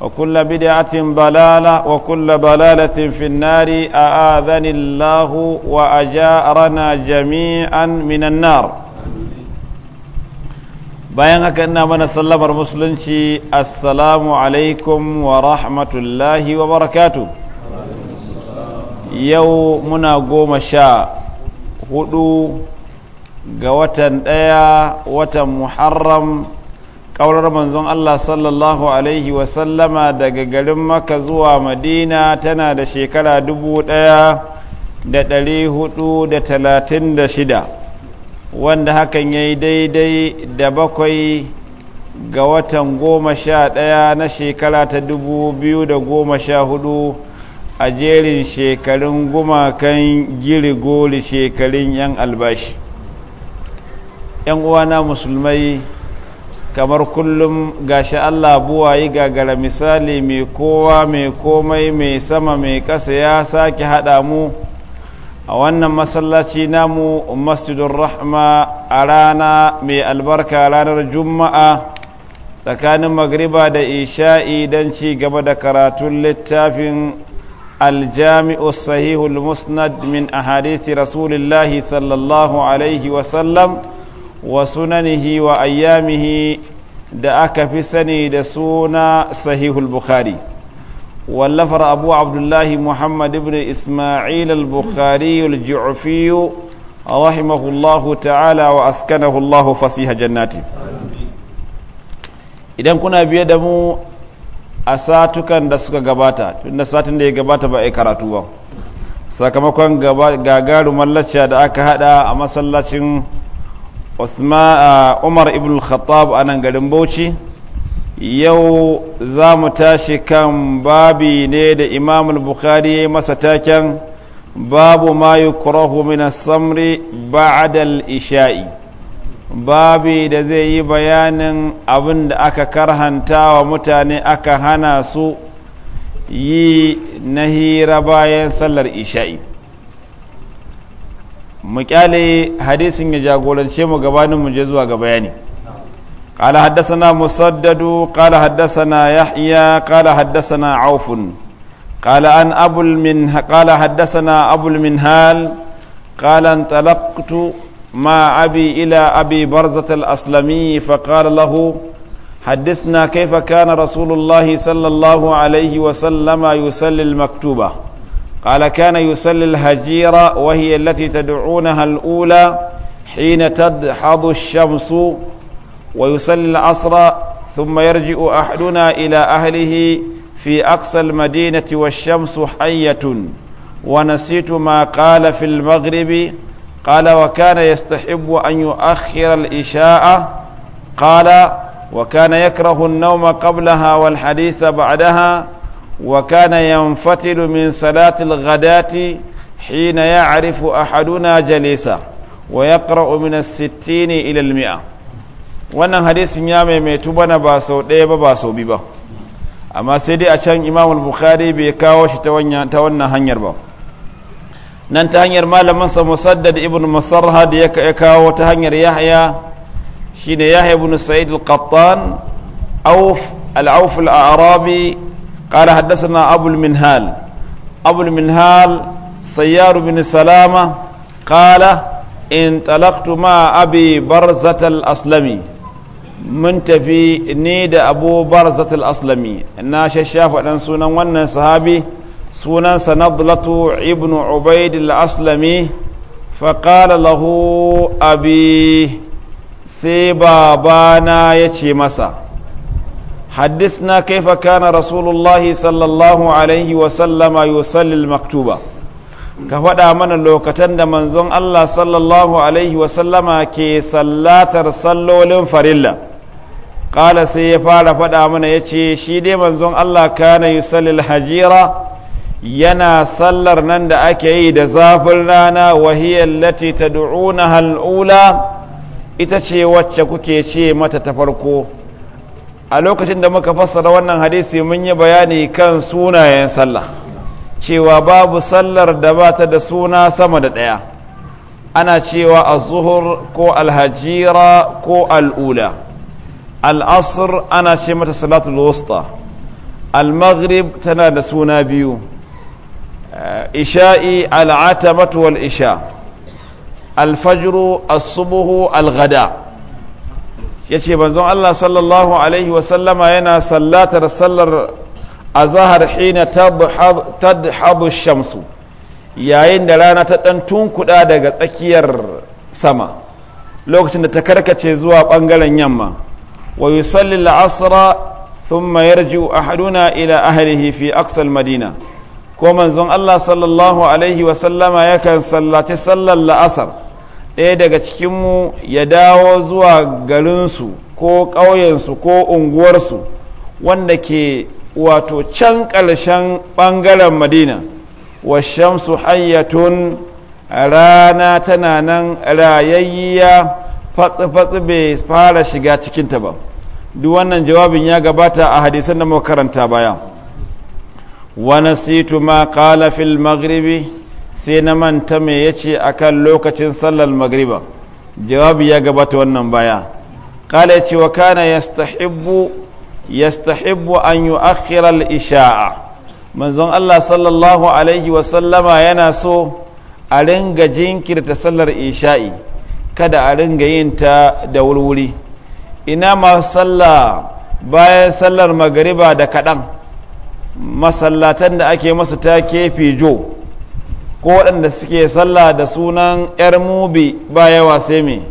وكل بدعة ضلالة وكل ضلالة في النار أآذني الله wa ajarana jami'an minanar. bayan haka ina mana sallamar musulunci assalamu alaikum wa rahmatullahi wa barakatu yau muna goma sha hudu ga watan ɗaya watan muharram ƙaurar manzon Allah sallallahu Alaihi wasallama daga garin maka zuwa madina tana da shekara dubu ɗaya da ɗari hudu da talatin da shida wanda hakan ya yi daidai da bakwai ga watan goma sha ɗaya na shekara ta dubu biyu da goma sha hudu a jerin shekarun gumakan girigoli shekarun 'yan albashi 'yan uwana musulmai kamar kullum gashi Allah buwayi gagara misali mai kowa mai komai mai sama mai ƙasa ya sake haɗa mu a wannan masallaci namu masjidun rahma a rana mai albarka ranar juma'a tsakanin magriba da isha'i don ci gaba da karatun littafin aljami'u sahihul musnad min ahadithi rasulullahi sallallahu alaihi wasallam wa sunanihi wa ayyamihi da aka fi sani da suna sahihul bukhari wallafar abu abdullahi muhammad ibn isma'il al-bukhari al-ju'fi rahimahullahu ta'ala wa askanahu fasiha jannati idan kuna biye da mu a satukan da suka gabata tunda satin da ya gabata ba a karatu ba sakamakon gagarumar lacca da aka hada a masallacin Uh, umar ibn khattab a nan garin bauchi yau za mu tashi kan babi ne da imamul bukhari ya masa taken babu ma yukrahu min samri ba'dal isha'i babi da zai yi bayanin abin da aka karhanta wa mutane aka hana su yi na hira bayan sallar isha'i mu kyale hadisin ya jagorance mu gabanin mu je zuwa ga bayani قال حدثنا مسدد قال حدثنا يحيى قال حدثنا عوف قال أن أبو المن قال حدثنا أبو المنهال قال انطلقت مع أبي إلى أبي برزة الأسلمي فقال له حدثنا كيف كان رسول الله صلى الله عليه وسلم يصلي المكتوبة قال كان يسل الهجيرة وهي التي تدعونها الأولى حين تدحض الشمس ويسل العصر ثم يرجع أحدنا إلى أهله في أقصى المدينة والشمس حية ونسيت ما قال في المغرب قال وكان يستحب أن يؤخر الإشاء قال وكان يكره النوم قبلها والحديث بعدها وكان ينفتل من صلاة الغداة حين يعرف jalisa جليسا ويقرأ من الستين إلى المئة wannan hadisin ya maimaitu bana ba sau ɗaya ba ba sau biyu ba amma sai dai a can imam bukhari bai kawo shi ta wannan hanyar ba nan ta hanyar malaminsa musaddad ibn musarha da ya kawo ta hanyar yahya shine yahya ibn sa'id al-qattan auf al-auf al قال حدثنا أبو abulminhal أبو المنهال سيار بن سلامة قال انطلقت مع أبي برزة الأسلمي mun tafi ni da abu barzat al-aslami na shashafa sunan wannan sahabi sunansa nadlatu ibn ubaid al-aslami fa qala lahu abi sai babana yace masa حدثنا كيف كان رسول الله صلى الله عليه وسلم يصلي المكتوبة كفدا من لوكتن دا منزون الله صلى الله عليه وسلم كي صلاتر صلو لنفرلا قال سيفار فدا من يتي شيدي منزون الله كان يصلي الحجيرة yana sallar nan da ake yi da zafin rana wahiyar lati ta du'una hal'ula ita ce wacce kuke ce mata ta farko a lokacin da muka fassara wannan hadisi mun yi bayani kan sunayen sallah cewa babu sallar da ba ta da suna sama da ɗaya ana cewa a zuhur ko Alhajira ko al-ula ana ce mata salatul wusta al-maghrib tana da suna biyu eh, isha'i al wal isha al-fajru as subuhu al-ghada ya ce banzon Allah sallallahu Alaihi sallama yana sallatar sallar a hina tadhabu shamsu yayin da rana ta ɗan tunkuɗa daga tsakiyar sama lokacin da ta karkace zuwa ɓangaren yamma wa yusalli al'asra thumma yarji'u ahaduna ila ahlihi fi aksal madina ko manzon Allah sallallahu alaihi wa sallama yakan sallaci sallar la'asar ɗaya daga cikinmu ya dawo zuwa garinsu ko ƙauyensu ko unguwarsu wanda ke wato can ƙarshen ɓangaren madina wa shamsu hayyatun rana tana nan rayayyiya fatsi-fatsi bai fara shiga cikinta ba duk wannan jawabin ya gabata a hadisan da muka karanta baya wani situ ma kala fil maghribi sai na manta mai ya ce a kan lokacin sallar magriba jawabi ya gabata wannan baya ƙala ya ce wa kana stahibbu an yi akhirar isha'a manzon Allah sallallahu alaihi wasallama yana so a ringa jinkirta sallar isha'i kada a ringa yin ta da wurwuri ina masu sallah bayan sallar magariba da kaɗan masallatan da ake masu ta kefi jo ko waɗanda suke sallah da sunan ‘yar mubi ba yawa sai me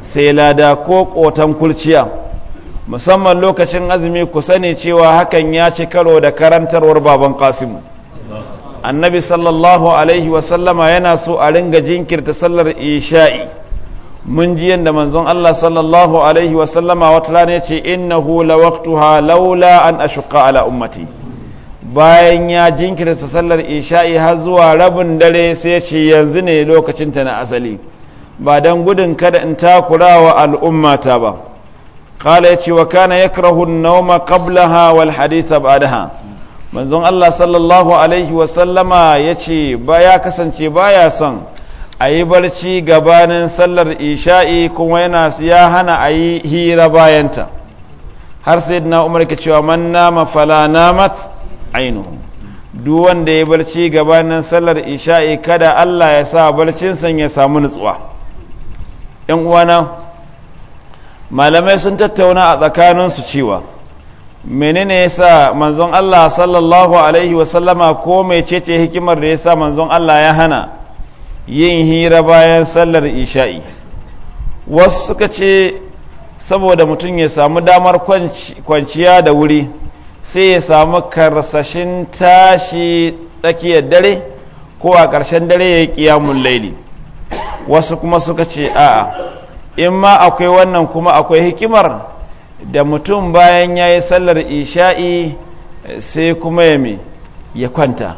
sai lada ko ƙotan kulciya musamman lokacin azumi ku sani cewa hakan ya ci karo da karantarwar baban kasimu annabi sallallahu alaihi wasallama yana so a ringa jinkirta sallar isha'i mun ji yadda manzon Allah sallallahu alaihi wasallama wata rana ya ce innahu la ha laula an ashuka ala ummati bayan ya jinkirta sallar isha'i har zuwa rabin dare sai ce yanzu ne lokacinta na asali ba don gudun kada in takura wa al'ummata ba kala ya ce wa kana ya krahun nauma wal haditha ba'daha manzon Allah sallallahu alaihi wasallama ya ce ba ya kasance ba ya son a yi barci gabanin sallar isha'i kuma yana ya hana a yi hira bayanta har sai na umar ka cewa man nama fala namat duk wanda ya barci gabanin sallar isha'i kada Allah ya sa barcinsa ya samu nutsuwa ‘yan uwana malamai sun tattauna a tsakaninsu cewa menene ya sa manzon Allah sallallahu Alaihi wasallama ko mai cece hikimar da ya sa manzon Allah ya hana yin hira bayan sallar isha'i wasu suka ce saboda mutum ya samu damar kwanciya da wuri sai ya samu karsashin tashi tsakiyar dare ko a ƙarshen dare ya yi ƙiyamun laili wasu kuma suka ce a'a in ma akwai wannan kuma akwai hikimar da mutum bayan ya yi sallar isha'i sai kuma ya mai ya kwanta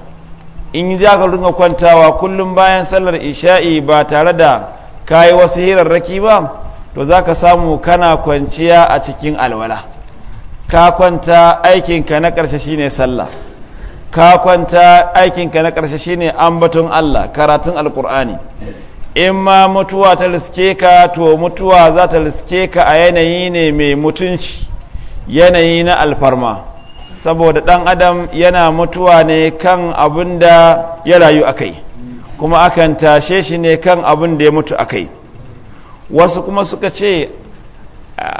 in za ka ringa kwantawa kullum bayan sallar isha'i ba tare da kayi wasu hirarraki ba to za ka samu kana kwanciya a cikin alwala ka kwanta aikinka na ƙarshe shine sallah ka kwanta aikinka na ƙarshe shine ambaton Allah karatun alkur'ani in ma mutuwa ta riske ka to mutuwa za ta riske ka a yanayi ne mai mutunci yanayi na alfarma saboda ɗan adam yana mutuwa ne kan abin da ya rayu a kai kuma akan tashe shi ne kan abin da ya mutu a kai wasu kuma suka ce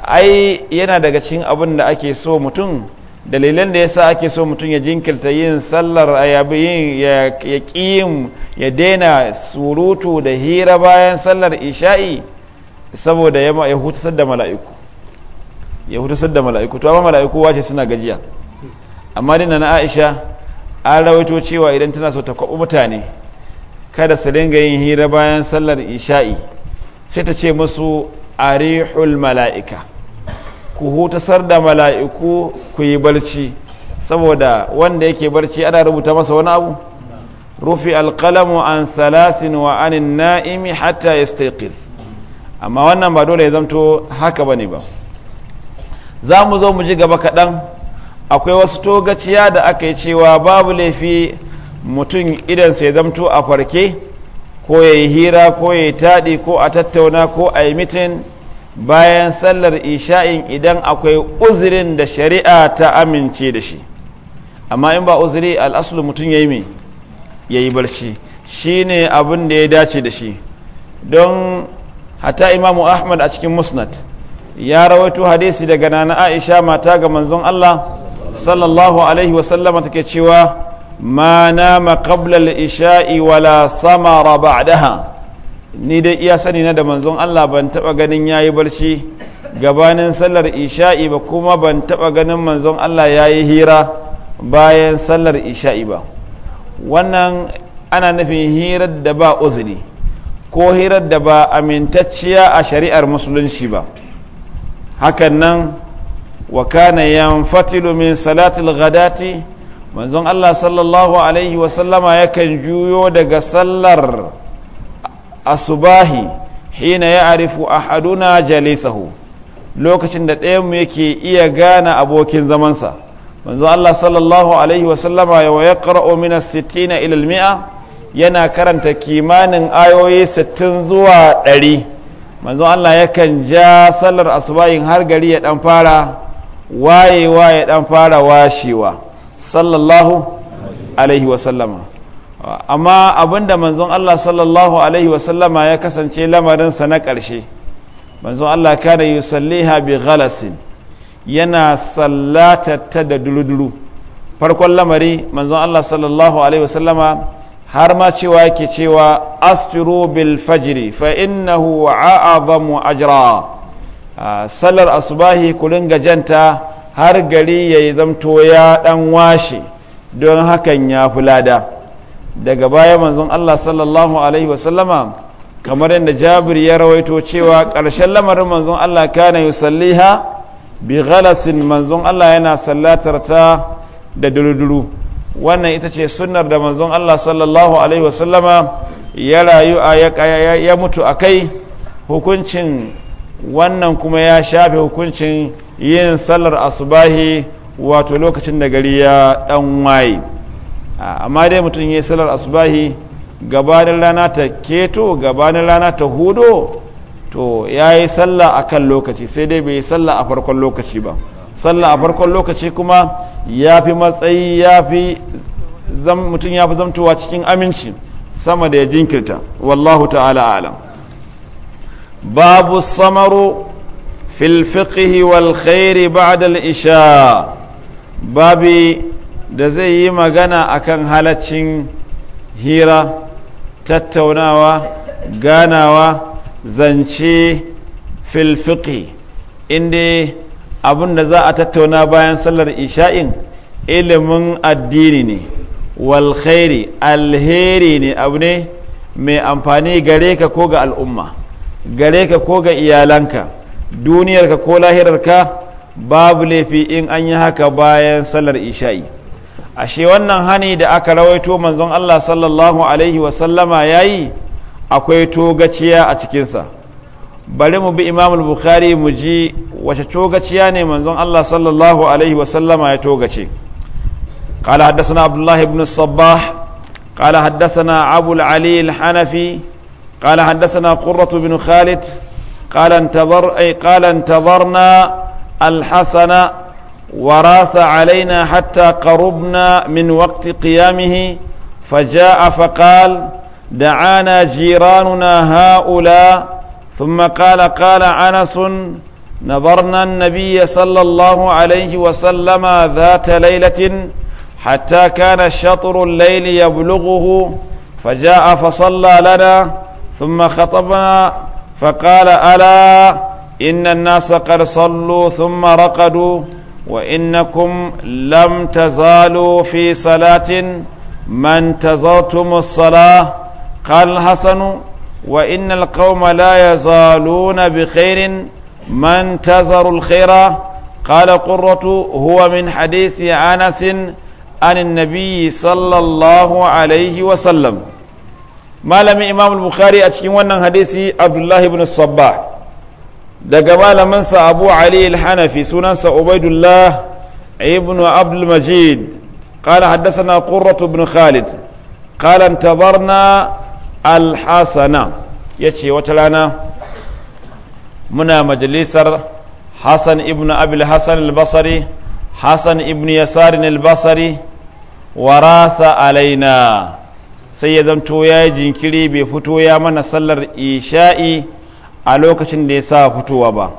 ai yana daga cikin abin da ake so mutum dalilan da yasa ake so mutum ya jinkirta yin sallar ayabiyin ya ƙiyin ya daina surutu da hira bayan sallar isha'i saboda ya hutusar da mala'iku ya hutusar da mala'iku to amma mala'iku wace suna gajiya amma dina na aisha an rawaito cewa idan tana so ta kwaɓi mutane kada su dinga yin hira bayan sallar isha'i sai ta ce musu arihul mala'ika ku hutasar da mala'iku ku yi barci saboda wanda yake barci ana rubuta masa wani abu rufi alkalamu an salasin wa anin na'imi hatta ya amma wannan ba dole ya zamto haka bane ba za mu zo mu ji gaba kaɗan akwai wasu togaciya da aka yi cewa babu laifi mutum idan ya zamto a farke ko ya yi hira ko ya yi taɗi ko a tattauna ko a yi mitin bayan sallar isha'in idan akwai uzurin da shari'a ta amince da shi amma in ba uzuri al'asulu mutum ya yi mai ya yi barci shi ne abin da ya dace da shi don hata imamu ahmad a cikin musnad ya rawaito hadisi daga nana aisha mata ga manzon allah sallallahu alaihi wasallama take cewa ما نام قبل ishai wala samara ni dai iya sani na da manzon Allah ban taba ganin yayi barci gabanin sallar isha'i ba kuma ban taba ganin manzon Allah yayi hira bayan sallar isha'i ba wannan ana nufin hirar da ba uzuri ko hirar da ba amintacciya a shari'ar musulunci ba hakan nan wa kana yanfatilu min salatil ghadati manzon Allah sallallahu alaihi wasallama yakan juyo daga sallar asubahi hina ya arifu a haduna jalisahu lokacin da ɗayanmu yake iya gane abokin zamansa manzon Allah sallallahu alaihi wasallama ya waya ƙara'o mina sittina ilal yana karanta kimanin ayoyi sittin zuwa ɗari manzon Allah yakan ja sallar asubahin har gari ya ɗan fara wayewa ya ɗan fara washewa sallallahu alaihi wasallama amma abinda manzon Allah sallallahu alaihi wasallama ya kasance lamarinsa na ƙarshe manzon Allah kada yi salliha bi ghalasin yana sallatata da duludulu farkon lamari manzon Allah sallallahu alaihi wasallama har ma cewa yake cewa asfiru bil fajri fa innahu a'azamu ajra sallar asubahi ku ringa janta har gari ya yi zamto ya ɗan washe don hakan ya fi lada daga baya manzon Allah sallallahu alaihi wasallama kamar yadda jabir ya rawaito cewa ƙarshen lamarin manzon Allah kana ha bi ghalasin manzon Allah yana sallatar ta da duruduru wannan ita ce sunnar da manzon Allah sallallahu alaihi wasallama ya rayu a ya mutu a kai hukuncin wannan kuma ya shafe hukuncin yin sallar asubahi wato lokacin da gari ya dan waye amma dai mutum yi sallar asubahi gabanin rana ta keto gabanin rana ta hudo to ya yi sallah akan lokaci sai dai bai yi sallah a farkon lokaci ba sallah a farkon lokaci kuma ya fi matsayi ya fi mutum ya fi zamtowa cikin aminci sama da ya jinkirta wallahu ta'ala alam babu samaru في الفقه والخير بعد الإشاء babi da zai yi magana akan halaccin hira tattaunawa ganawa zance filfiƙi inda abun da za a tattauna bayan sallar isha'in ilimin addini ne walkhairi alheri ne abu ne mai amfani gare ka ko ga al'umma gare ka ko ga iyalanka duniyarka ko lahirarka babu laifi in an yi haka bayan sallar isha'i ashe wannan hani da aka rawaito manzon Allah sallallahu alaihi wasallama ya yi akwai togaciya a cikinsa bari mu bi imamul bukhari mu ji wace togaciya ne manzon Allah sallallahu alaihi wasallama ya togace قال حدثنا عبد الله بن الصباح قال حدثنا أبو العلي الحنفي قال حدثنا قرة بن خالد قال انتظر أي قال انتظرنا الحسن وراث علينا حتى قربنا من وقت قيامه فجاء فقال دعانا جيراننا هؤلاء ثم قال قال انس نظرنا النبي صلى الله عليه وسلم ذات ليله حتى كان شطر الليل يبلغه فجاء فصلى لنا ثم خطبنا فقال ألا إن الناس قد صلوا ثم رقدوا وإنكم لم تزالوا في صلاة ما انتظرتم الصلاة قال الحسن وإن القوم لا يزالون بخير ما انتظروا الخير قال قرة هو من حديث أنس عن النبي صلى الله عليه وسلم malamin imamul bukhari a cikin wannan hadisi abdullahi ibn sabba daga malamansa abu ali al-hanafi sunansa ubaidullah ibn abdul majid قال حدثنا قرة بن خالد قال انتظرنا الحسنة يتشي وتلانا منا مجلسر حسن ابن أبي الحسن البصري حسن ابن يسار البصري وراث علينا sai ya zamto ya yi jinkiri bai fito ya mana sallar isha'i a lokacin da ya sa fitowa ba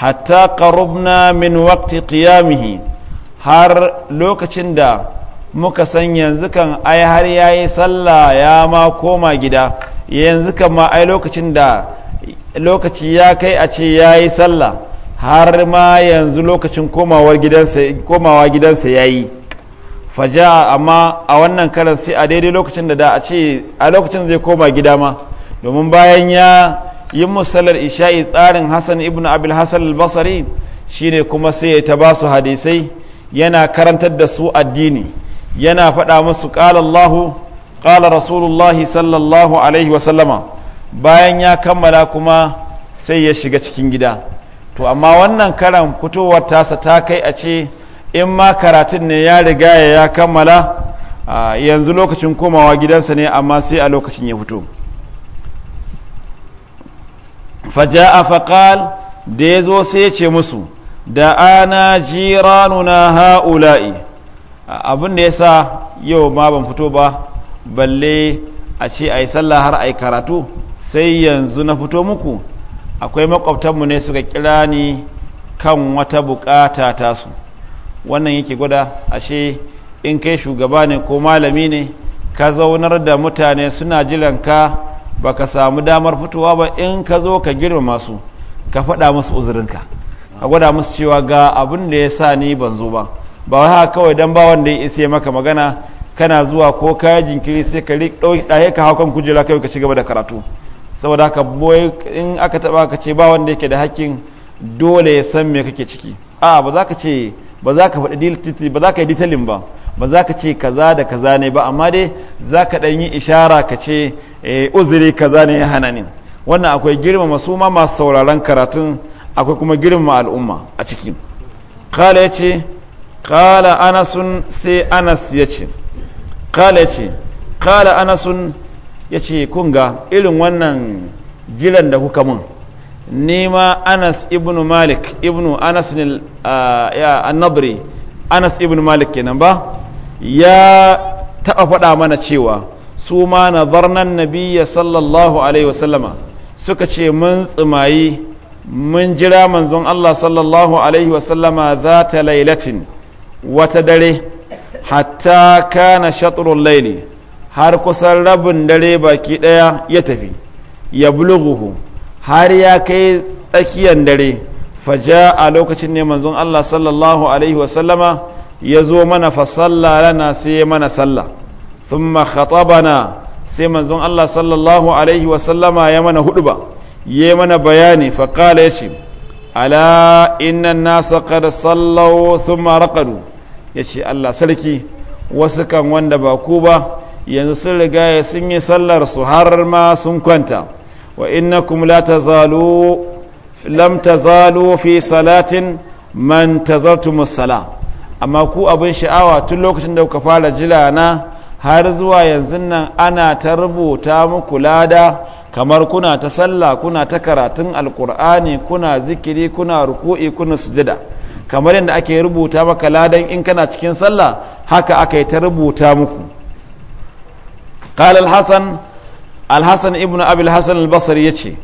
hatta karubna min waqti qiyamihi har lokacin da muka san yanzu kan ai har yayi sallah ya ma koma gida yanzu kan ma ai lokacin da lokaci ya kai a ce yayi sallah har ma yanzu lokacin komawa gidansa komawa gidansa yayi faja amma a wannan karan sai a daidai lokacin da da a ce a lokacin zai koma gida ma domin bayan ya yi musallar isha'i tsarin hassan ibn abil hassan al-basari ne kuma sai ya ta su hadisai yana karantar da su addini yana faɗa musu ƙala allahu ƙala rasulullahi sallallahu alaihi wasallama bayan ya kammala kuma sai ya shiga cikin gida to amma wannan karan fitowar tasa ta kai a ce in ma karatun ne ya riga ya kammala yanzu lokacin komawa gidansa ne amma sai a lokacin ya fito faja'a faƙal da ya zo sai ya ce musu da ana jiranuna ha'ula'i abin da ya sa yau ma ban fito ba balle a ce a yi sallah har a yi karatu sai yanzu na fito muku akwai makwabtanmu ne suka kira ni kan wata bukata tasu wannan yake gwada ashe in kai shugaba ne ko malami ne ka zaunar da mutane suna jiran ka ba ka samu damar fitowa ba in ka zo ka girmama masu ka faɗa musu uzurinka a gwada musu cewa ga abin da ya sa ni ban zo ba ba wa haka kawai don ba wanda ya isa maka magana kana zuwa ko kaya jinkiri sai ka ɗaya, ka haukan kujera kai ka ci gaba da karatu saboda haka boye in aka taba ka ce ba wanda yake da hakkin dole ya san me kake ciki 'A'a ba za ka ce ba za ka faɗi ba za ka yi detailing ba ba za ka ce kaza da kaza ne ba amma dai za ka ɗan yi ishara ka ce eh, uzuri kaza ne ya hana ne wannan akwai girmama su ma masu sauraron karatun akwai kuma girmama al'umma a ciki kala ya ce kala anasun sai anas ya ce kala ya ce kala anasun ya ce kunga irin wannan jilan da kuka mun nima anas ibn malik ibn anas ah, annabri anas ibn malik kenan ba ya taɓa faɗa mana cewa suma ma nazarnan nabiya sallallahu alaihi wasallama suka ce mun tsimayi mun jira manzon Allah sallallahu alaihi wasallama za ta lailatin wata dare hatta kana shatrul laili har kusan rabin dare baki ɗaya ya tafi ya buluguhu har ya kai tsakiyar dare faja a lokacin ne manzon Allah sallallahu alaihi wasallama ya zo mana fasalla lana sai ya mana sallah thumma khatabana sai manzon Allah sallallahu alaihi wasallama ya mana huduba ya mana bayani faqala yace ala inna nasa qad sallaw thumma ya yace Allah sarki wasu kan wanda ba ku ba yanzu sun riga sun yi sallar su har ma sun kwanta وإنكم لا تزالوا لم تزالوا في صلاة ما انتظرتم الصلاة amma ku abin sha'awa tun lokacin da kuka fara jira na har zuwa yanzun nan ana ta rubuta muku lada kamar kuna ta sallah kuna ta karatun alkur'ani kuna zikiri kuna ruku'i kuna sujada kamar yadda ake rubuta maka ladan in kana cikin sallah haka aka yi ta rubuta muku qala al-hasan alhassan ibn abil hassan ya ce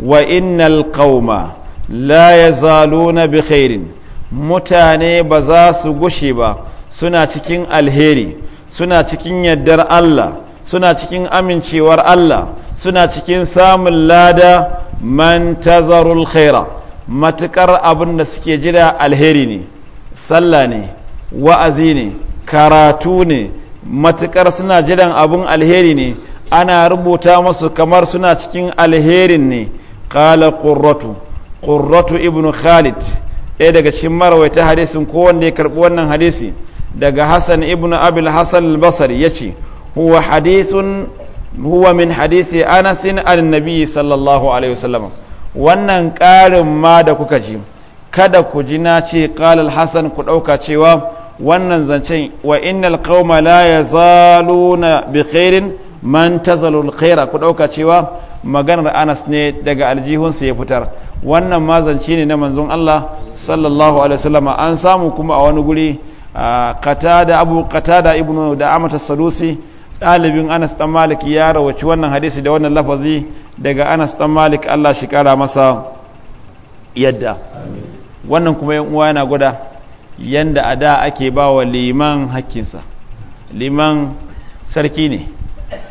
wa innal qauma la yazaluna bi khairin mutane ba za su gushe ba suna cikin alheri suna cikin yaddar Allah suna cikin amincewar Allah suna cikin samun lada man tazarul khaira matukar abin da suke jira alheri ne sallah ne wa'azi ne karatu ne matukar suna jiran abun alheri ne ana rubuta masu kamar suna cikin alherin ne kala ƙurratu ƙurratu ibn khalid ɗaya daga cikin marawaita hadisin ko wanda ya karɓi wannan hadisi daga hassan ibn abil hassan basar ya ce huwa hadisun huwa min hadisi anasin annabi sallallahu alaihi wasallam wannan ƙarin ma da kuka ji kada ku ji na ce ƙalal hassan ku ɗauka cewa wannan zancen wa innal qauma la yazaluna bi khairin man tazalul khaira ku dauka cewa maganar Anas ne daga aljihunsa ya fitar wannan mazanci ne na manzon Allah sallallahu alaihi wasallama an samu kuma a wani guri qatada abu qatada ibnu da amata sadusi dalibin Anas dan Malik ya rawaci wannan hadisi da wannan lafazi daga Anas dan Malik Allah shi kara masa yadda wannan kuma yan uwa yana gwada yanda a da ake ba wa liman hakkinsa liman sarki ne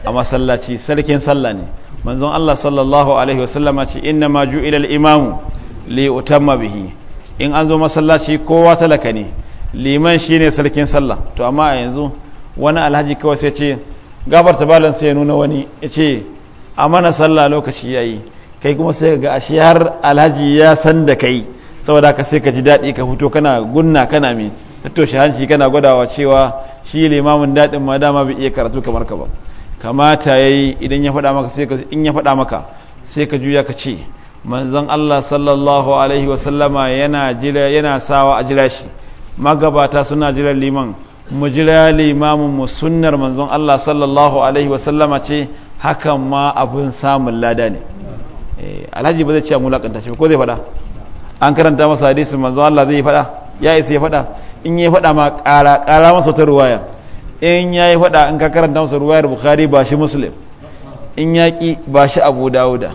a masallaci sarkin sallah ne manzon Allah sallallahu alaihi wasallama ce inna ma ila al-imamu li utamma bihi in an zo masallaci kowa talaka ne liman shine sarkin sallah to amma a yanzu wani alhaji kawai sai ce gafarta balan sai ya nuna wani ya ce a mana sallah lokaci yayi kai kuma sai ga ashe har alhaji ya san da kai saboda ka sai ka ji daɗi ka fito kana gunna kana mi tattoshe hanci kana gwadawa cewa shi limamin daɗin ma dama bi iya karatu kamar ka ba kamata ya yi idan ya faɗa maka sai ka in ya faɗa maka sai ka juya ka ce manzon Allah sallallahu alaihi wa yana jira yana sawa a jira shi magabata suna jiran liman mu jira limamin mu sunnar manzon Allah sallallahu alaihi wa ce hakan ma abun samun lada ne eh, alhaji ba zai ce mulakanta shi ko zai faɗa an karanta masa hadisi manzon Allah zai faɗa ya isa ya faɗa in ya faɗa ma ƙara ƙara masa ta ruwaya in ya yi faɗa in ka karanta masa ruwayar bukari ba shi muslim in ya ƙi ba shi abu dawuda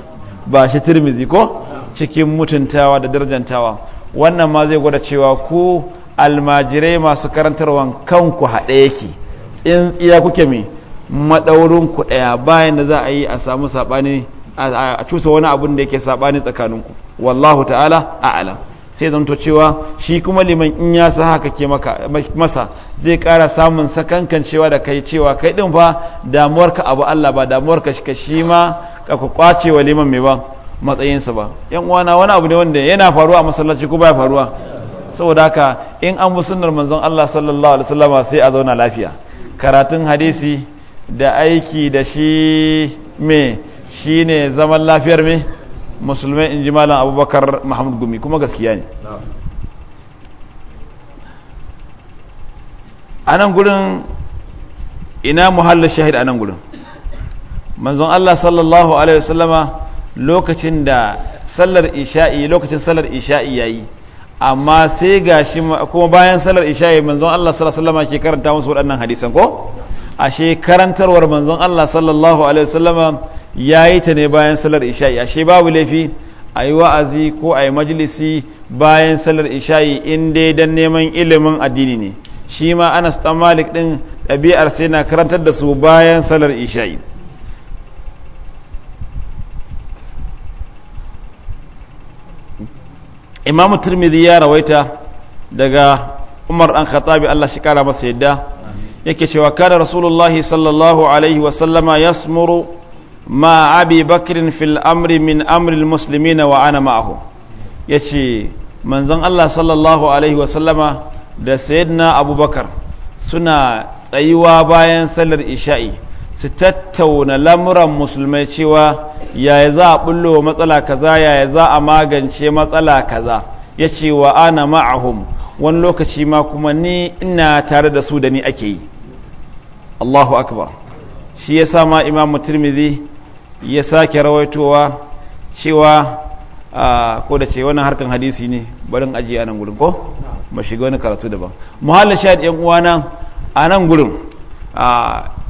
ba shi tirmizi ko cikin mutuntawa da darjantawa wannan ma zai gwada cewa ku almajirai masu kan kanku haɗe yake tsintsiya kuke mai maɗaurin ku ɗaya bayan da za a yi a samu saɓani a cusa wani abin da yake saɓani tsakaninku wallahu ta'ala a'alam sai zanto cewa shi kuma liman in ya sa haka ke masa zai kara samun sakankan cewa da kai cewa kai din fa damuwarka abu Allah ba damuwarka shi ka shi ma ka kwace wa liman mai ba matsayinsa ba yan uwana wani abu ne wanda yana faruwa a masallaci ko baya faruwa saboda haka in an bi sunnar manzon Allah sallallahu alaihi wasallama sai a zauna lafiya karatun hadisi da aiki da shi me shine zaman lafiyar me musulmai in ji malam abubakar mahmud gumi kuma gaskiya ne a nan gudun ina muhallar shahid a nan gudun manzon allah sallallahu alaihi wasallama lokacin da sallar isha'i lokacin sallar isha'i yayi amma sai gashi kuma bayan sallar isha'i manzon allah sallallahu alaihi wasallama ke karanta musu waɗannan hadisan ko a shekarantarwar manzon allah sallallahu alaihi wasallama ya yi ta ne bayan salar isha'i ashe babu laifi a yi wa'azi ko a yi majalisi bayan salar isha'i in dai don neman ilimin addini ne shi ma anas malik ɗin ɗabi'ar sai na karantar da su bayan salar isha'i imamu turmidi ya rawaita daga umar ɗan khatabi allah shi kara masa yadda yake cewa kada rasulullahi sallallahu alaihi wasallama yasmuru ma abi bakirin fil amri min amril muslimina wa ana ya ce manzon Allah sallallahu alaihi wasallama da sayyidina abubakar suna tsayuwa bayan sallar isha'i su tattauna lamuran musulmai cewa yaya za a bullo matsala kaza yaya za a magance matsala kaza ya ce wa ana ma'ahum wani lokaci ma kuma ni ina tare da su da ni ake yi Allahu akbar shi ya sama imam tirmidhi ya sake rawaitowa cewa ko da ce wannan harkan hadisi ne barin ajiye a nan gudun ko ma shiga wani karatu daban muhallin shahid yan uwana a nan gudun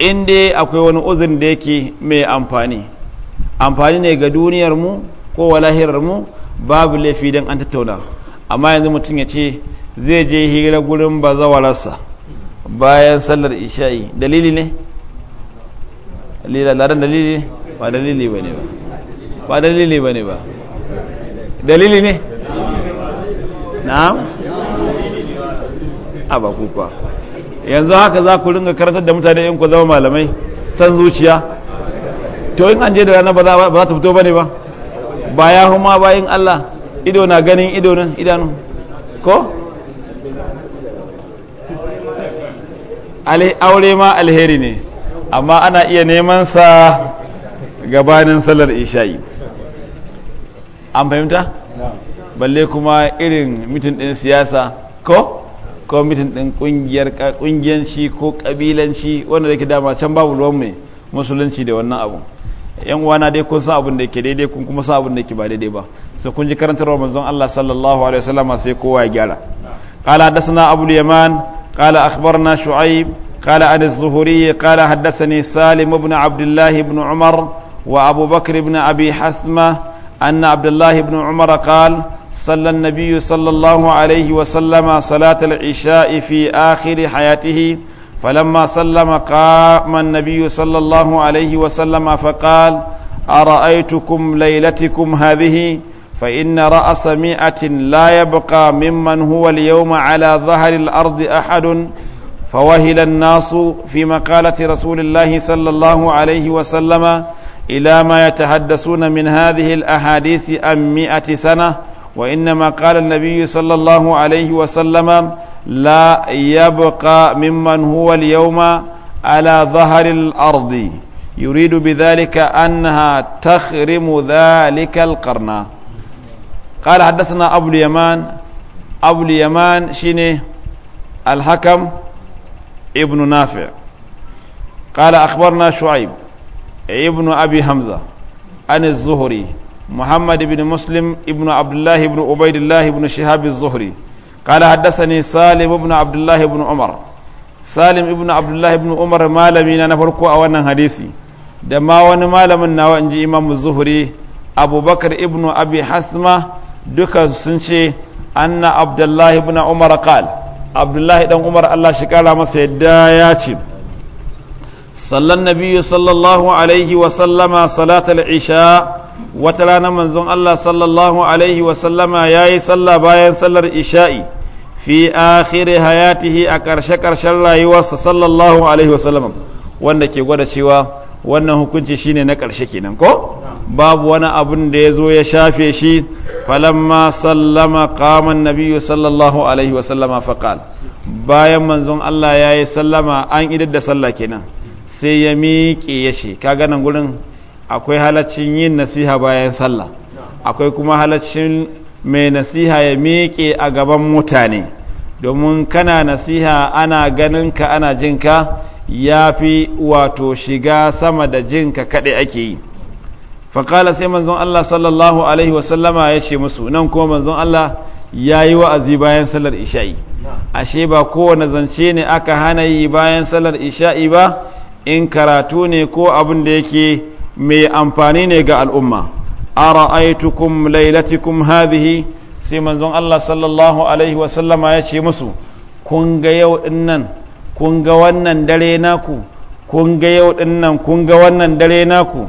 inda akwai wani uzun da yake mai amfani amfani ne ga duniyarmu ko walahirar mu babu laifi don an tattauna amma yanzu mutum ya ce zai je hira gudun gurin bazawararsa bayan sallar isha'i dalili ne? dalili ne? ba dalili ba ne ba ba dalili ba ne ba dalili ne na'am a ba kuka yanzu haka za ku ringa karatar da mutane in ku zama malamai san zuciya to in an je da rana ba za ta fito ba ne ba ba ya huma bayan Allah ido na ganin ido nan idanu ko aure ma alheri ne amma ana iya neman sa gabanin salar isha'i an fahimta balle kuma irin mitin din siyasa ko ko mitin din kungiyar kungiyanci ko kabilanci wanda da ke dama can babu ruwan mai musulunci da wannan abu yan wana dai kun san abin da ke daidai kun kuma san abin da ke ba daidai ba sai kun ji karantarwa manzon Allah sallallahu alaihi wasallama sai kowa ya gyara qala hadathana abu yaman qala akhbarna shu'aib qala an az-zuhri qala hadathani salim ibn abdullah ibn umar وأبو بكر بن أبي حثمة أن عبد الله بن عمر قال صلى النبي صلى الله عليه وسلم صلاة العشاء في آخر حياته فلما سلم قام النبي صلى الله عليه وسلم فقال أرأيتكم ليلتكم هذه فإن رأس مئة لا يبقى ممن هو اليوم على ظهر الأرض أحد فوهل الناس في مقالة رسول الله صلى الله عليه وسلم إلى ما يتحدثون من هذه الأحاديث عن مئة سنة وإنما قال النبي صلى الله عليه وسلم لا يبقى ممن هو اليوم على ظهر الأرض يريد بذلك أنها تخرم ذلك القرن قال حدثنا أبو اليمان أبو اليمان شيني الحكم ابن نافع قال أخبرنا شعيب ibn abi hamza an az-zuhri muhammad ibn muslim ibn abdullah ibn ubaidillah ibn shihab az-zuhri قال حدثني سالم بن عبد الله بن عمر سالم ابن عبد الله بن عمر na farko a wannan hadisi da ma wani malamin nawa inji imam az-zuhri abubakar ibn abi hasma duka sun ce anna abdullahi ibn umar qal abdullahi dan umar Allah shi kara masa yadda ya ce صلى النبي صلى الله عليه وسلم صلاة العشاء وترانا منزون الله صلى الله عليه وسلم ياي صلى باين صلى العشاء في آخر حياته أكرش كرش الله يوصى صلى الله عليه وسلم wanda ke gwada cewa wannan hukunci shine na ƙarshe kenan ko babu wani abun da ya zo ya shafe shi falamma sallama qaman nabiyyu sallallahu alaihi wa sallama faqal bayan manzon Allah yayi sallama an idar da sallah kenan sai ya miƙe ya shi kaga nan gurin akwai halaccin yin nasiha bayan sallah akwai kuma halaccin mai nasiha ya miƙe a gaban mutane domin kana nasiha ana ganin ka ana jinka ya fi wato shiga sama da jin ka kaɗai ake yi faƙala sai manzon Allah sallallahu Alaihi wasallama ya ce musu nan kuma manzon Allah ya yi wa'azi bayan salar isha'i ashe ba kowane zance ne aka hana yi bayan salar isha'i ba in karatu ne ko abin da yake mai amfani ne ga al'umma ara'aitukum lailatikum hadhihi sai manzon Allah sallallahu alaihi wasallama ya ce musu kun ga yau dinnan kun ga wannan dare naku kun ga yau dinnan kun ga wannan dare naku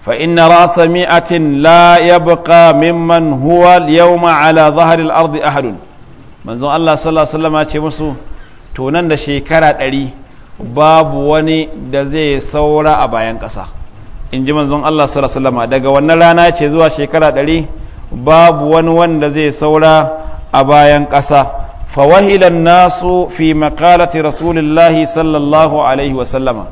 fa inna rasa mi'atin la yabqa mimman huwa al-yawma ala dhahri al-ardi ahadun manzon Allah sallallahu alaihi wasallama ya ce musu to nan da shekara ɗari babu wani da zai saura a bayan ƙasa in ji manzon Allah sallama daga wannan rana ce zuwa shekara ɗari babu wani wanda zai saura a bayan ƙasa fawahilan nasu fi makalati rasulillahi sallallahu alaihi wasallama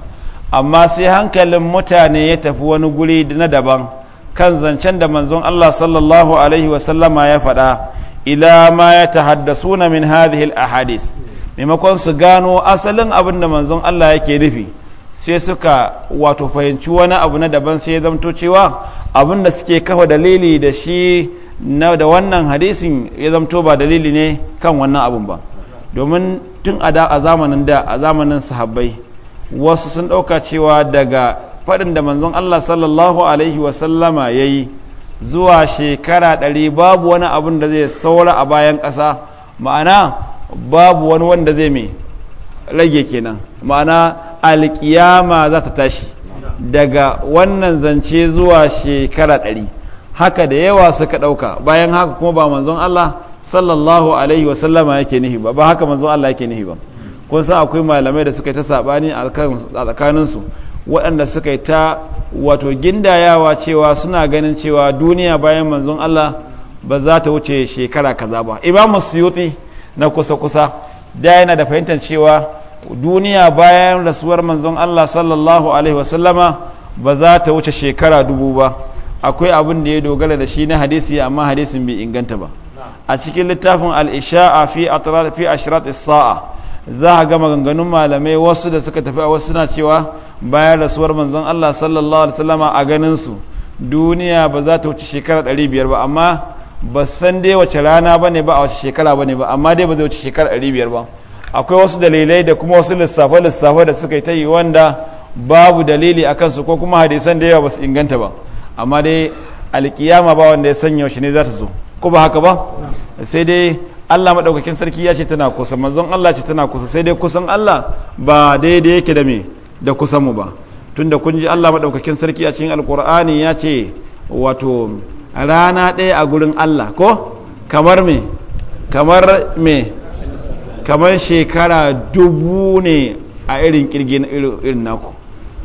amma sai hankalin mutane ya tafi wani guri na daban kan zancen da manzon Allah sallallahu alaihi wasallama ya faɗa ila ma ya tahaddasuna min hadhihi al-ahadith maimakon su gano asalin abin da manzon Allah yake nufi sai suka wato fahimci wani abu na daban sai ya zamto cewa abin da suke kafa dalili da shi na da wannan hadisin ya zamto ba dalili ne kan wannan abin ba domin tun a zamanin da a zamanin sahabbai wasu sun ɗauka cewa daga faɗin da manzon Allah sallallahu alaihi wasallama ya yi zuwa shekara ɗari babu wani abin da zai saura a bayan ƙasa ma'ana babu wani wanda zai mai rage kenan ma'ana alkiyama za ta tashi daga wannan zance zuwa shekara ɗari haka da yawa suka ɗauka bayan haka kuma ba manzon Allah sallallahu alaihi wasallama yake nihi ba ba haka manzon Allah yake nihi ba kun san akwai malamai da suka yi ta sabani a tsakaninsu waɗanda suka yi ta wato gindayawa cewa suna ganin cewa duniya bayan manzon Allah ba za ta wuce shekara kaza ba imamu suyuti na kusa-kusa da yana da fahimtar cewa duniya bayan rasuwar manzon Allah sallallahu alaihi wasallama ba za ta wuce shekara dubu ba akwai abin da ya dogara da shi na hadisi amma hadisin bai inganta ba a cikin littafin al-isha'a fi atrar fi ashrat saa za a gama maganganun malamai wasu da suka tafi a wasu suna cewa bayan rasuwar manzon Allah sallallahu alaihi wasallama a ganin su duniya ba za ta wuce shekara 500 ba amma ba san dai wace rana ba ne ba a wace shekara ba ne ba amma dai ba zai wace shekara 500 ba akwai wasu dalilai da kuma wasu lissafe-lissafe da suka yi ta yi wanda babu dalili a kansu ko kuma hadisan da yawa ba su inganta ba amma dai alkiyama ba wanda ya sanya shi ne za ta zo ko ba haka ba sai dai Allah maɗaukakin sarki ya ce tana kusa manzon Allah ce tana kusa sai dai kusan Allah ba daidai yake da me da kusan mu ba tunda kun ji Allah maɗaukakin sarki a cikin alkur'ani ya ce wato rana ɗaya a gurin Allah ko kamar me kamar me kamar shekara dubu ne a irin kirgi na irin naku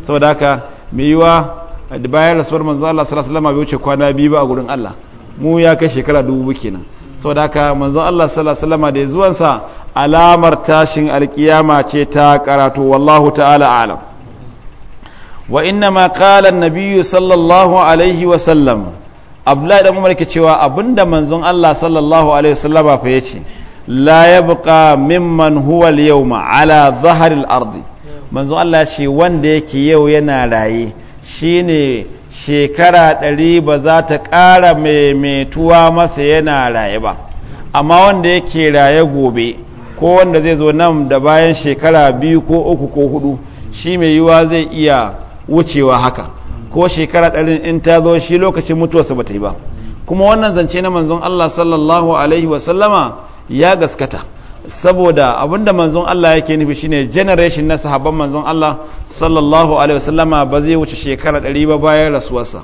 saboda haka mai yiwa da bayan rasuwar manzan Allah sallallahu alaihi wasallam wuce kwana biyu ba a gurin Allah mu ya kai shekara dubu kenan saboda haka manzan Allah sallallahu alaihi wasallam da zuwansa alamar tashin alkiyama ce ta karatu wallahu ta'ala alam wa inna ma qala an-nabiy sallallahu alaihi wasallam abdullahi dan umar ke cewa abinda manzon Allah sallallahu alaihi wasallama fa yace la yabqa mimman huwa al-yawma ala dhahril ardi manzon Allah ce wanda yake yau yana raye shine shekara ɗari ba za ta ƙara maimaituwa masa yana raye ba amma wanda yake raye gobe ko wanda zai zo nan da bayan shekara biyu ko uku ko hudu shi mai yiwa zai iya wucewa haka ko shekara ɗarin in ta zo shi lokacin mutuwarsa ba ta yi ba kuma wannan zance na manzon Allah sallallahu alaihi wasallama ya gaskata saboda abinda manzon Allah yake nufi shine generation na sahabban manzon Allah sallallahu alaihi wasallama ba zai wuce shekara ɗari ba bayan rasuwarsa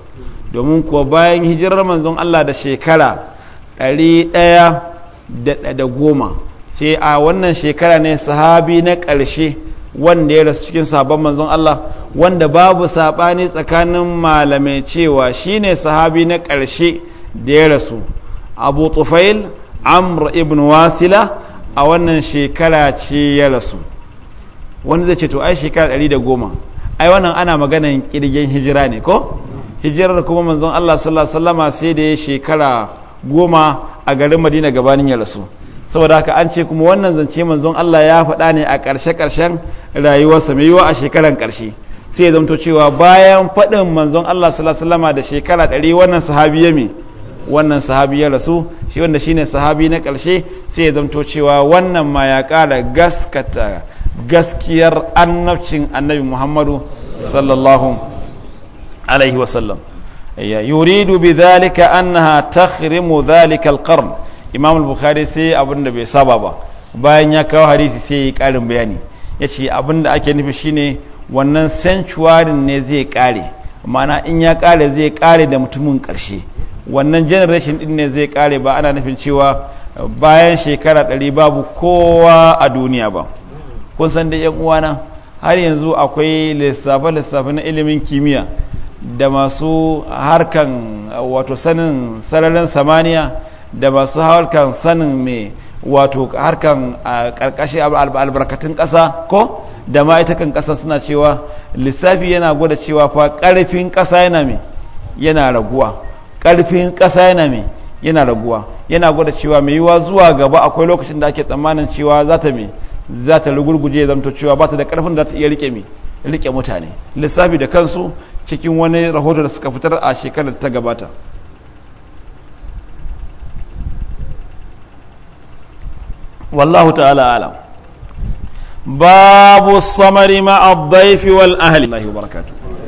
domin kuwa bayan hijirar manzon Allah da shekara ɗari ɗaya da goma sai a wannan shekara ne sahabi na ƙarshe wanda ya rasu cikin sahabban manzon Allah wanda babu saɓani tsakanin malamai cewa shine sahabi na ƙarshe da ya rasu abu tufail amr ibn wasila a wannan shekara ce ya rasu wanda zai ce to ai shekara da 110 ai wannan ana maganan kirgin hijira ne ko hijirar kuma manzon Allah sallallahu sai da ya shekara goma a garin Madina gabanin ya rasu saboda haka an ce kuma wannan zance manzon Allah ya faɗa ne a ƙarshe-ƙarshen rayuwarsa mai yiwuwa a shekaran ƙarshe sai ya zamto cewa bayan faɗin manzon Allah sallallahu da shekara ɗari wannan sahabi ya me wannan sahabi ya rasu shi wanda shine sahabi na ƙarshe sai ya zamto cewa wannan ma ya ƙara gaskata gaskiyar annabcin annabi Muhammadu sallallahu alaihi wasallam yuridu bi dhalika annaha takhrimu dhalika alqarn imam al-bukhari sai abin da bai saba ba bayan ya kawo hadisi sai ya yi ƙarin bayani yace abin da ake nufi shine wannan sanctuary ne zai kare ma'ana in ya kare zai kare da mutumin karshe wannan generation din ne zai kare ba ana nufin cewa uh, bayan shekara ɗari babu kowa a duniya ba kun san da yan uwana har yanzu akwai lissafe-lissafe na ilimin kimiyya da masu harkan uh, wato sanin sararin samaniya da masu harkan sanin mai wato harkan uh, ƙarƙashi albarkatun ƙasa ko da ma ita kan ƙasa suna cewa lissafi yana gwada cewa fa ƙarfin ƙasa yana mai yana raguwa ƙarfin ƙasa yana mai yana raguwa yana gwada cewa mai yiwuwa zuwa gaba akwai lokacin da ake tsammanin cewa za ta mai za ta rugurguje zamto cewa ba ta da ƙarfin da ta iya riƙe mai rike mutane lissafi da kansu cikin wani rahoto da suka fitar a shekarar ta gabata wallahu ta'ala alam باب الصمر مع الضيف والأهل الله وبركاته